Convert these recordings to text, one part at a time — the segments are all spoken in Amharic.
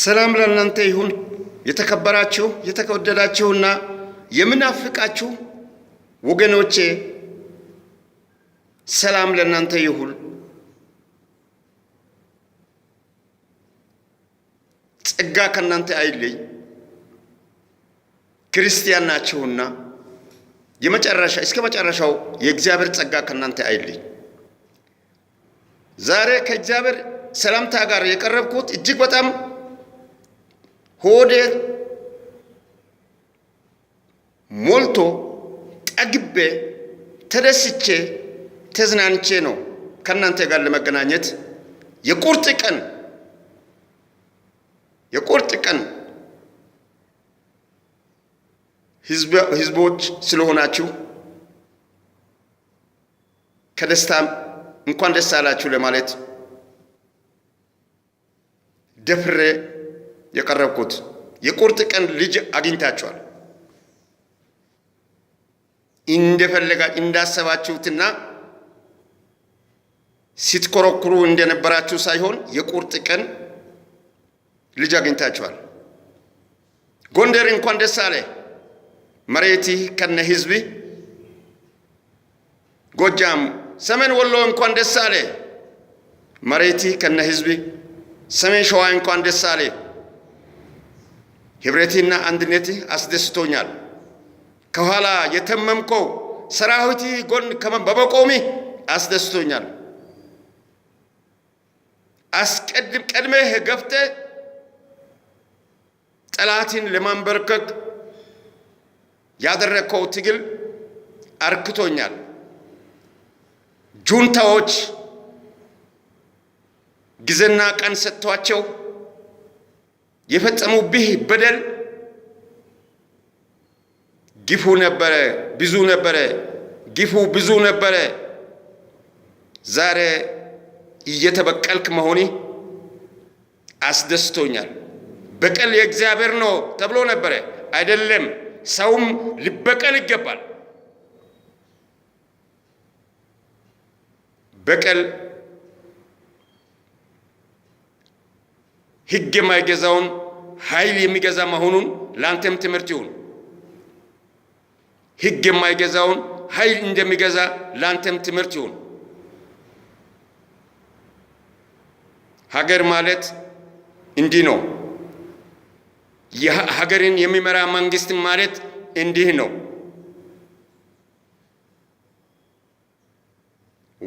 ሰላም ለእናንተ ይሁን። የተከበራችሁ የተወደዳችሁና የምናፍቃችሁ ወገኖቼ ሰላም ለእናንተ ይሁን። ጸጋ ከእናንተ አይለይ። ክርስቲያን ናችሁና የመጨረሻ እስከ መጨረሻው የእግዚአብሔር ጸጋ ከእናንተ አይለይ። ዛሬ ከእግዚአብሔር ሰላምታ ጋር የቀረብኩት እጅግ በጣም ሆዴ ሞልቶ ጠግቤ ተደስቼ ተዝናንቼ ነው ከእናንተ ጋር ለመገናኘት የቁርጥ ቀን የቁርጥ ቀን ህዝቦች ስለሆናችሁ ከደስታ እንኳን ደስ አላችሁ ለማለት ደፍሬ የቀረብኩት። የቁርጥ ቀን ልጅ አግኝታችኋል። እንደፈለጋ እንዳሰባችሁትና ሲትኮረኩሩ እንደነበራችሁ ሳይሆን የቁርጥ ቀን ልጅ አግኝታችኋል። ጎንደር እንኳን ደስ አለ። መሬትህ ከነ ህዝብ፣ ጎጃም፣ ሰሜን ወሎ እንኳን ደስ አለ። መሬትህ ከነ ህዝብ፣ ሰሜን ሸዋ እንኳን ደስ አለ። ህብረቴና አንድነት አስደስቶኛል። ከኋላ የተመምከው ሰራዊት ጎን በመቆሜ አስደስቶኛል። አስቀድም ቀድመህ ገፍተ ጠላትን ለማንበርከክ ያደረግከው ትግል አርክቶኛል። ጁንታዎች ጊዜና ቀን ሰጥቷቸው የፈጸሙብህ በደል ግፉ ነበረ፣ ብዙ ነበረ፣ ግፉ ብዙ ነበረ። ዛሬ እየተበቀልክ መሆኔ አስደስቶኛል። በቀል የእግዚአብሔር ነው ተብሎ ነበረ። አይደለም፣ ሰውም ሊበቀል ይገባል። በቀል ሕግ የማይገዛውን ኃይል የሚገዛ መሆኑን ለአንተም ትምህርት ይሁን። ሕግ የማይገዛውን ኃይል እንደሚገዛ ለአንተም ትምህርት ይሁን። ሀገር ማለት እንዲህ ነው። ሀገርን የሚመራ መንግስት ማለት እንዲህ ነው።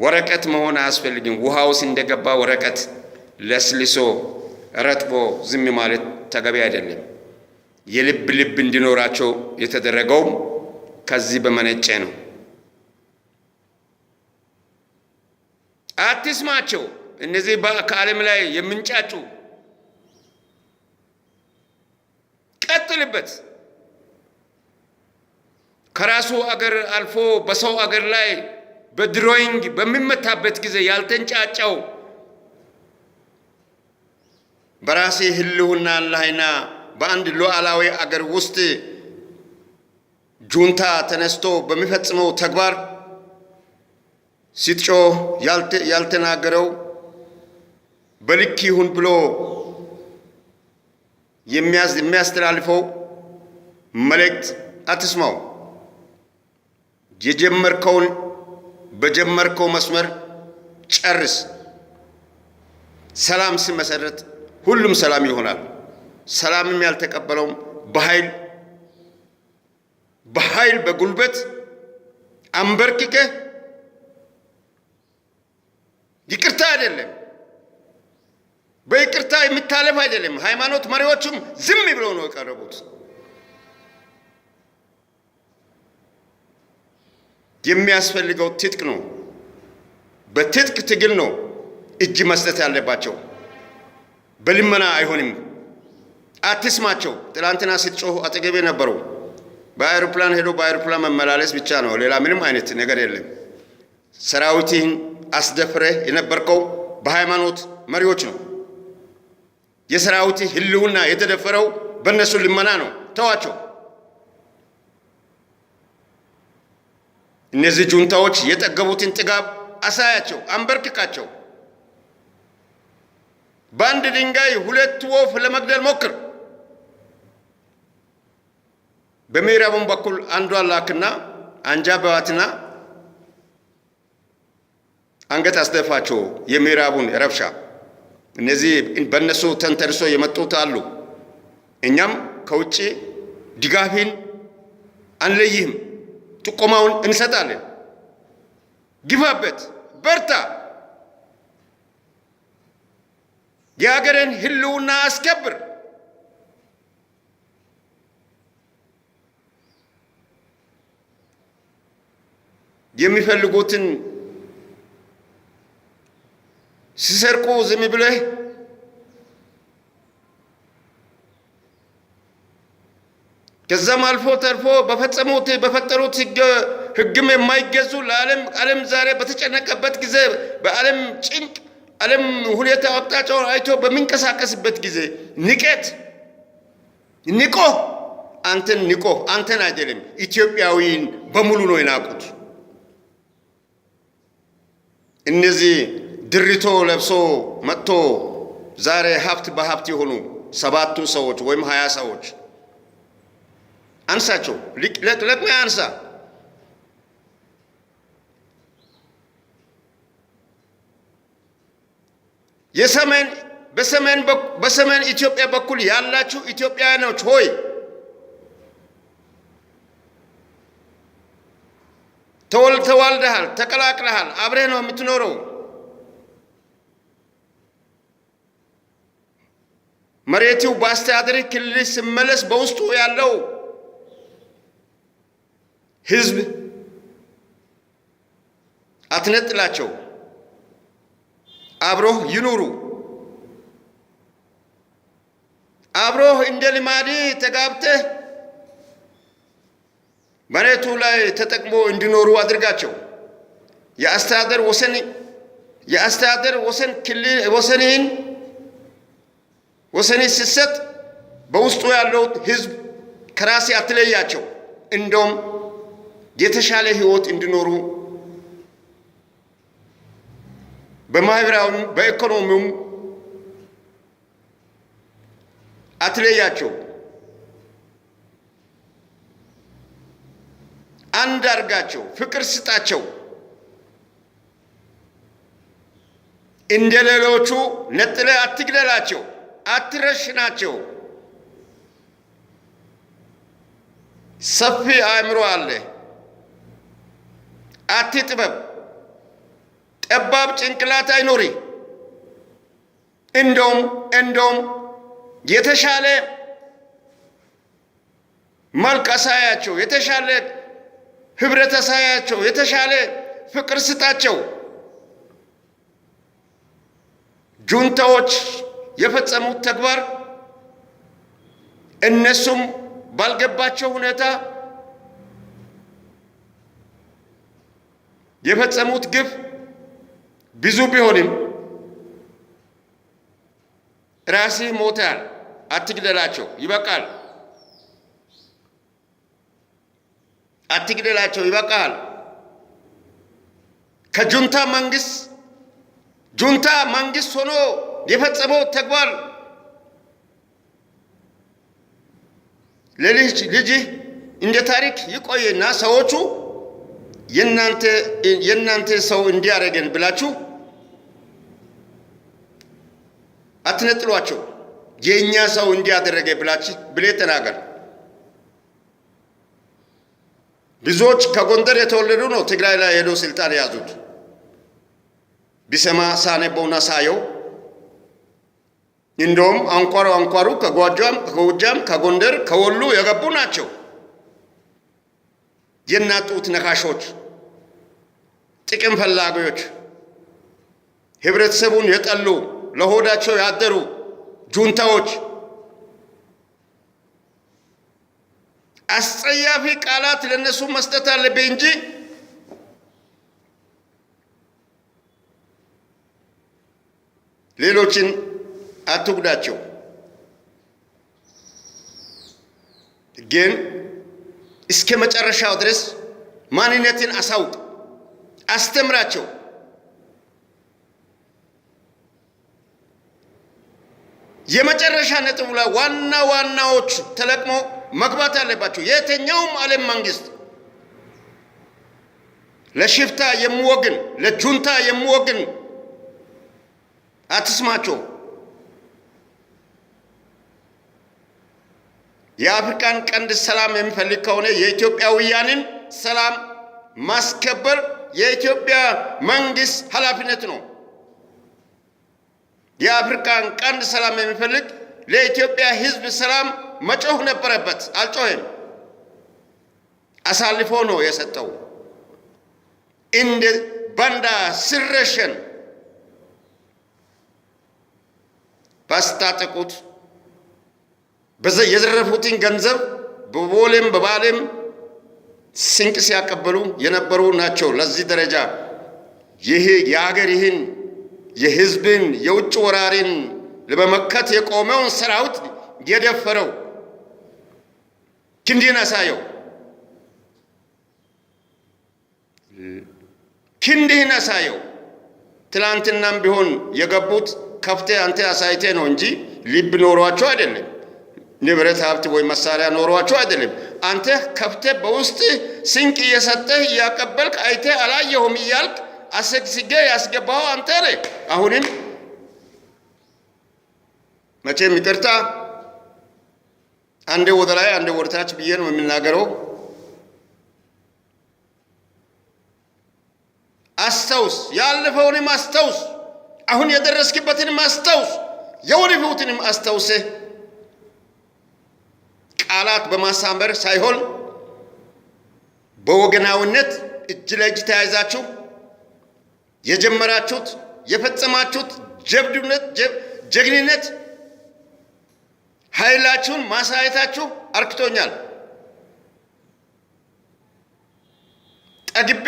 ወረቀት መሆን አያስፈልግም። ውሃ ውስጥ እንደገባ ወረቀት ለስልሶ ረጥቦ ዝም ማለት ተገቢ አይደለም። የልብ ልብ እንዲኖራቸው የተደረገውም ከዚህ በመነጨ ነው። አትስማቸው። እነዚህ ከዓለም ላይ የምንጫጩ ቀጥልበት። ከራሱ አገር አልፎ በሰው አገር ላይ በድሮይንግ በሚመታበት ጊዜ ያልተንጫጫው በራሴ ህልውና ላይና በአንድ ሉዓላዊ አገር ውስጥ ጁንታ ተነስቶ በሚፈጽመው ተግባር ሲጮህ ያልተናገረው በልክ ይሁን ብሎ የሚያስተላልፈው መልእክት አትስማው። የጀመርከውን በጀመርከው መስመር ጨርስ። ሰላም ሲመሰረት ሁሉም ሰላም ይሆናል። ሰላምም ያልተቀበለውም በኃይል በኃይል በጉልበት አንበርክከ ይቅርታ አይደለም በይቅርታ የሚታለፍ አይደለም። ሃይማኖት መሪዎቹም ዝም ብለው ነው የቀረቡት። የሚያስፈልገው ትጥቅ ነው። በትጥቅ ትግል ነው እጅ መስጠት ያለባቸው። በልመና አይሆንም። አትስማቸው። ትላንትና ስትጮህ አጠገቤ ነበሩ። በአይሮፕላን ሄዶ በአይሮፕላን መመላለስ ብቻ ነው፣ ሌላ ምንም አይነት ነገር የለም። ሰራዊትህን አስደፍረህ የነበርከው በሃይማኖት መሪዎች ነው። የሰራዊት ህልውና የተደፈረው በእነሱ ልመና ነው። ተዋቸው። እነዚህ ጁንታዎች የጠገቡትን ጥጋብ አሳያቸው፣ አንበርክካቸው። በአንድ ድንጋይ ሁለት ወፍ ለመግደል ሞክር። በምዕራቡም በኩል አንዷ ላክና አንጃ በዋትና አንገት አስደፋቸው የምዕራቡን ረብሻ። እነዚህ በእነሱ ተንተርሶ የመጡት አሉ። እኛም ከውጭ ድጋፊን አንለይህም፣ ጥቆማውን እንሰጣለን። ግፋበት፣ በርታ። የሀገርን ህልውና አስከብር። የሚፈልጉትን ሲሰርቁ ዝም ብለህ ከዛም አልፎ ተርፎ በፈጸሙት በፈጠሩት ህግም የማይገዙ ለዓለም ዓለም ዛሬ በተጨነቀበት ጊዜ በዓለም ጭንቅ ዓለም ሁኔታ አቅጣጫውን አይቶ በሚንቀሳቀስበት ጊዜ ንቀት ንቆ አንተን ንቆ አንተን አይደለም ኢትዮጵያዊን በሙሉ ነው የናቁት። እነዚህ ድሪቶ ለብሶ መጥቶ ዛሬ ሀብት በሀብት የሆኑ ሰባቱ ሰዎች ወይም ሀያ ሰዎች አንሳቸው፣ ለቅመህ አንሳ። የሰሜን በሰሜን በሰሜን ኢትዮጵያ በኩል ያላችሁ ኢትዮጵያውያኖች ሆይ ተወል ተዋልደሃል፣ ተቀላቅለሃል፣ አብረህ ነው የምትኖረው። መሬቱ በአስተዳደር ክልል ሲመለስ በውስጡ ያለው ህዝብ አትነጥላቸው። አብሮህ ይኑሩ። አብሮህ እንደ ልማድ ተጋብተህ መሬቱ ላይ ተጠቅሞ እንዲኖሩ አድርጋቸው። የአስተዳደር ወሰን የአስተዳደር ወሰን ክልል ወሰንህን ወሰንህ ስትሰጥ በውስጡ ያለው ህዝብ ከራሴ አትለያቸው። እንደውም የተሻለ ህይወት እንዲኖሩ በማህበራዊም በኢኮኖሚውም አትለያቸው። አንድ አርጋቸው ፍቅር ስጣቸው። እንደ ሌሎቹ ነጥለ አትግደላቸው፣ አትረሽናቸው። ሰፊ አእምሮ አለ፣ አትጥበብ ጠባብ ጭንቅላት አይኖሪ። እንደውም እንደውም የተሻለ መልክ አሳያቸው፣ የተሻለ ህብረት አሳያቸው፣ የተሻለ ፍቅር ስጣቸው። ጁንታዎች የፈጸሙት ተግባር እነሱም ባልገባቸው ሁኔታ የፈጸሙት ግፍ ብዙ ቢሆንም ራስህ ሞታል፣ አትግደላቸው፣ ይበቃል፣ አትግደላቸው፣ ይበቃል። ከጁንታ መንግስት ጁንታ መንግስት ሆኖ የፈጸመው ተግባር ለልጅ ልጅህ እንደ ታሪክ ይቆየና ሰዎቹ የእናንተ ሰው እንዲያደርገን ብላችሁ አትነጥሏቸው። የእኛ ሰው እንዲያደረገ ብላች ብሌ ተናገር። ብዙዎች ከጎንደር የተወለዱ ነው ትግራይ ላይ ሄዶ ስልጣን የያዙት። ቢሰማ ሳነበውና ሳየው እንደውም አንኳሩ አንኳሩ ከጓጃም ከጎጃም ከጎንደር ከወሎ የገቡ ናቸው። የናጡት ነካሾች፣ ጥቅም ፈላጊዎች፣ ህብረተሰቡን የጠሉ ለሆዳቸው ያደሩ ጁንታዎች አስጸያፊ ቃላት ለነሱ መስጠት አለብኝ እንጂ ሌሎችን አትጉዳቸው። ግን እስከ መጨረሻው ድረስ ማንነትን አሳውቅ፣ አስተምራቸው። የመጨረሻ ነጥቡ ላይ ዋና ዋናዎቹ ተለቅሞ መግባት አለባቸው። የትኛውም ዓለም መንግስት ለሽፍታ የሚወግን ለጁንታ የሚወግን አትስማቸው። የአፍሪካን ቀንድ ሰላም የሚፈልግ ከሆነ የኢትዮጵያውያንን ሰላም ማስከበር የኢትዮጵያ መንግስት ኃላፊነት ነው። የአፍሪካን ቀንድ ሰላም የሚፈልግ ለኢትዮጵያ ሕዝብ ሰላም መጮህ ነበረበት። አልጮህም። አሳልፎ ነው የሰጠው። እንደ ባንዳ ስረሸን ባስታጠቁት የዘረፉትን ገንዘብ በቦሌም በባሌም ስንቅ ሲያቀበሉ የነበሩ ናቸው። ለዚህ ደረጃ ይህ የሀገር ይህን የህዝብን የውጭ ወራሪን ለመመከት የቆመውን ሰራዊት የደፈረው ክንዴን አሳየው፣ ክንድህን አሳየው። ትላንትናም ቢሆን የገቡት ከፍቴ አንተ አሳይቴ ነው እንጂ ልብ ኖሯቸው አይደለም። ንብረት ሀብት ወይም መሳሪያ ኖሯቸው አይደለም። አንተ ከፍቴ በውስጥ ስንቅ እየሰጠህ እያቀበልክ አይቴ አላየሁም እያልክ አሰግስጌ ያስገባው አንተ ነህ። አሁንም መቼም ይቅርታ አንዴ ወደ ላይ አንዴ ወደ ታች ብዬ ነው የምናገረው። አስታውስ፣ ያለፈውንም አስታውስ፣ አሁን የደረስክበትንም አስታውስ፣ የወደፊቱንም አስታውስ። ቃላት በማሳመር ሳይሆን በወገናዊነት እጅ ለእጅ ተያይዛችሁ የጀመራችሁት የፈጸማችሁት ጀብድነት ጀግንነት ኃይላችሁን ማሳየታችሁ አርክቶኛል።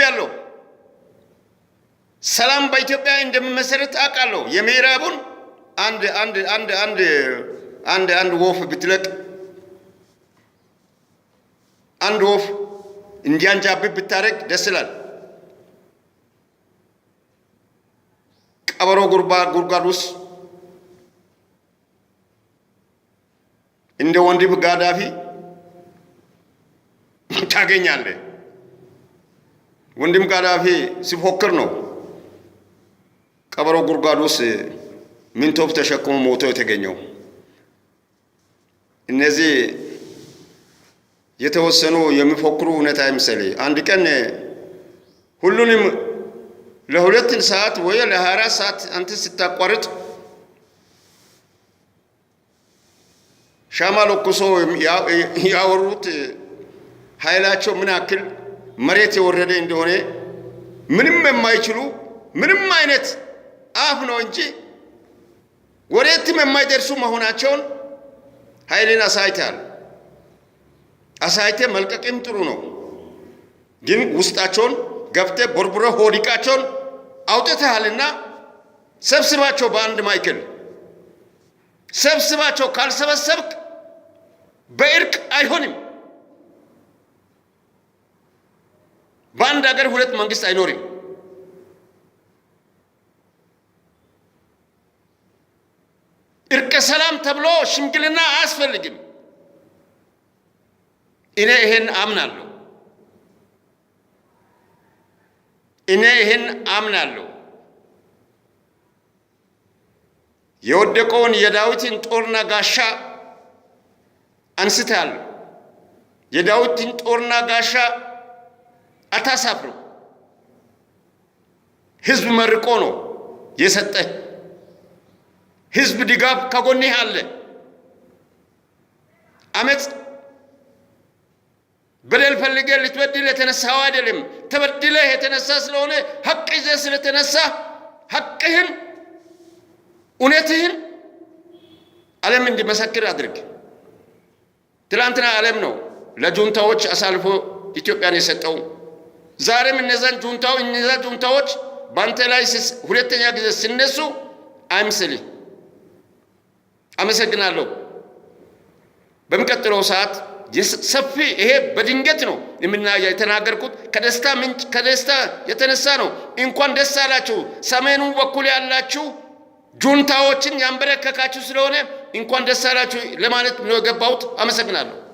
ያለው ሰላም በኢትዮጵያ እንደምመሰረት አውቃለሁ። የምዕራቡን አንድ አንድ አንድ አንድ አንድ አንድ ወፍ ብትለቅ አንድ ወፍ እንዲያንጃብብ ብታደርግ ደስ ይላል። ቀበሮ ጉድጓድ ውስጥ እንደ ወንድም ጋዳፊ ታገኛለህ። ወንድም ጋዳፊ ሲፎክር ነው ቀበሮ ጉድጓድ ውስጥ ምንቶፕ ተሸክሞ ሞቶ የተገኘው። እነዚህ የተወሰኑ የሚፎክሩ እውነት አይምሰሌ። አንድ ቀን ሁሉንም ለሁለትን ሰዓት ወይ ለአራት ሰዓት አንተ ስታቋርጥ ሻማ ለኩሶ ያወሩት ኃይላቸው ምን ያክል መሬት የወረደ እንደሆነ ምንም የማይችሉ ምንም አይነት አፍ ነው እንጂ ወዴትም የማይደርሱ መሆናቸውን ኃይልን አሳይተሃል። አሳይቴ መልቀቅም ጥሩ ነው፣ ግን ውስጣቸውን ገብቴ ቦርቡረ ሆዲቃቸውን አውጥተሃልና ሰብስባቸው፣ በአንድ ማይክል ሰብስባቸው። ካልሰበሰብክ በእርቅ አይሆንም። በአንድ ሀገር ሁለት መንግስት አይኖርም። እርቀ ሰላም ተብሎ ሽምግልና አያስፈልግም። እኔ ይሄን አምናለሁ። እኔ ይህን አምናለሁ። የወደቀውን የዳዊትን ጦርና ጋሻ አንስታለሁ። የዳዊትን ጦርና ጋሻ አታሳፍሩ። ህዝብ መርቆ ነው የሰጠ! ህዝብ ድጋፍ ከጎንህ አለ። አመፅ በደል ፈልገ ልትበድል የተነሳው አይደለም። ተበድለህ የተነሳ ስለሆነ ሀቅ ይዘህ ስለተነሳ ሀቅህን፣ እውነትህን ዓለም እንዲመሰክር አድርግ። ትላንትና ዓለም ነው ለጁንታዎች አሳልፎ ኢትዮጵያን የሰጠው። ዛሬም እነዛን ጁንታው እነዛ ጁንታዎች በአንተ ላይ ሁለተኛ ጊዜ ሲነሱ አይምስልህ። አመሰግናለሁ። በሚቀጥለው ሰዓት ሰፊ ይሄ በድንገት ነው የምና የተናገርኩት ከደስታ ምንጭ ከደስታ የተነሳ ነው። እንኳን ደስ አላችሁ ሰሜኑ በኩል ያላችሁ ጁንታዎችን ያንበረከካችሁ ስለሆነ እንኳን ደስ አላችሁ ለማለት ነው የገባሁት። አመሰግናለሁ።